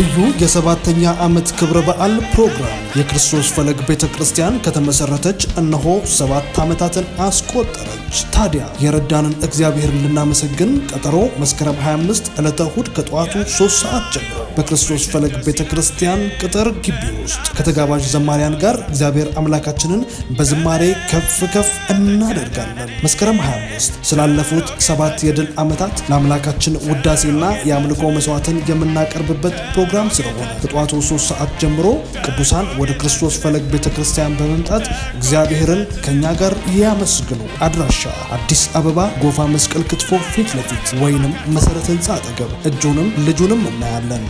ልዩ የሰባተኛ ዓመት ክብረ በዓል ፕሮግራም የክርስቶስ ፈለግ ቤተ ክርስቲያን ከተመሠረተች እነሆ ሰባት ዓመታትን አስቆጠረች። ታዲያ የረዳንን እግዚአብሔርን ልናመሰግን ቀጠሮ መስከረም 25 ዕለተ እሁድ ከጠዋቱ 3 ሰዓት ጀምሮ በክርስቶስ ፈለግ ቤተ ክርስቲያን ቅጥር ግቢ ውስጥ ከተጋባዥ ዘማሪያን ጋር እግዚአብሔር አምላካችንን በዝማሬ ከፍ ከፍ እናደርጋለን። መስከረም 25 ስላለፉት ሰባት የድል ዓመታት ለአምላካችን ውዳሴና የአምልኮ መሥዋዕትን የምናቀርብበት ፕሮግራም ፕሮግራም ስለሆነ ከጠዋቱ ሶስት ሰዓት ጀምሮ ቅዱሳን ወደ ክርስቶስ ፈለግ ቤተ ክርስቲያን በመምጣት እግዚአብሔርን ከእኛ ጋር ያመስግኑ። አድራሻ አዲስ አበባ ጎፋ መስቀል ክትፎ ፊት ለፊት ወይንም መሰረት ህንፃ አጠገብ። እጁንም ልጁንም እናያለን።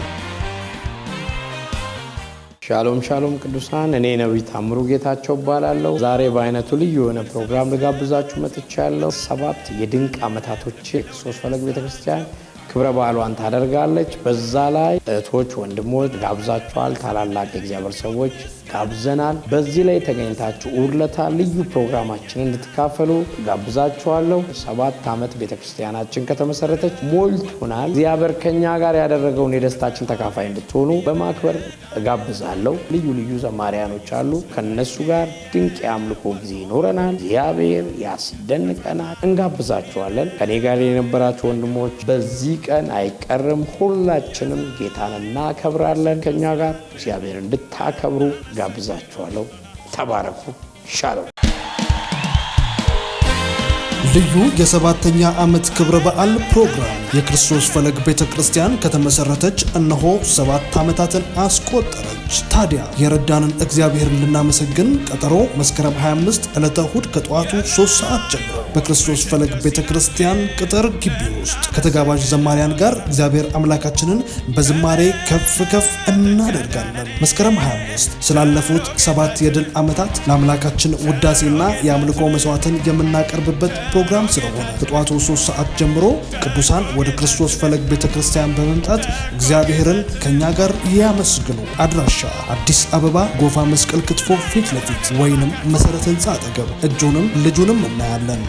ሻሎም ሻሎም ቅዱሳን፣ እኔ ነቢይ ታምሩ ጌታቸው እባላለሁ። ዛሬ በአይነቱ ልዩ የሆነ ፕሮግራም ልጋብዛችሁ መጥቻለሁ። ሰባት የድንቅ ዓመታቶች የክርስቶስ ፈለግ ቤተክርስቲያን ክብረ በዓሏን ታደርጋለች። በዛ ላይ እህቶች፣ ወንድሞች ጋብዛችኋል። ታላላቅ የእግዚአብሔር ሰዎች ጋብዘናል። በዚህ ላይ ተገኝታችሁ ውርለታ ልዩ ፕሮግራማችንን እንድትካፈሉ ጋብዛችኋለሁ። ሰባት ዓመት ቤተ ክርስቲያናችን ከተመሰረተች ሞልቶናል። እግዚአብሔር ከኛ ጋር ያደረገውን የደስታችን ተካፋይ እንድትሆኑ በማክበር እጋብዛለሁ። ልዩ ልዩ ዘማሪያኖች አሉ። ከነሱ ጋር ድንቅ የአምልኮ ጊዜ ይኖረናል። እግዚአብሔር ያስደንቀናል። እንጋብዛችኋለን። ከኔ ጋር የነበራችሁ ወንድሞች በዚህ ቀን አይቀርም። ሁላችንም ጌታን እናከብራለን። ከእኛ ጋር እግዚአብሔር እንድታከብሩ ጋብዛችኋለሁ። ተባረኩ። ሻለው ልዩ የሰባተኛ ዓመት ክብረ በዓል ፕሮግራም የክርስቶስ ፈለግ ቤተ ክርስቲያን ከተመሰረተች እነሆ ሰባት ዓመታትን አስቆጠረች። ታዲያ የረዳንን እግዚአብሔርን ልናመሰግን ቀጠሮ መስከረም 25 ዕለተ እሁድ ከጠዋቱ 3 ሰዓት ጀምሮ በክርስቶስ ፈለግ ቤተ ክርስቲያን ቅጥር ግቢ ውስጥ ከተጋባዥ ዘማሪያን ጋር እግዚአብሔር አምላካችንን በዝማሬ ከፍ ከፍ እናደርጋለን። መስከረም 25 ስላለፉት ሰባት የድል ዓመታት ለአምላካችን ውዳሴና የአምልኮ መሥዋዕትን የምናቀርብበት ፕሮግራም ስለሆነ ከጠዋቱ ሶስት ሰዓት ጀምሮ ቅዱሳን ወደ ክርስቶስ ፈለግ ቤተ ክርስቲያን በመምጣት እግዚአብሔርን ከእኛ ጋር ያመስግኑ። አድራሻ አዲስ አበባ ጎፋ መስቀል ክትፎ ፊት ለፊት ወይንም መሰረተ ህንፃ አጠገብ። እጁንም ልጁንም እናያለን።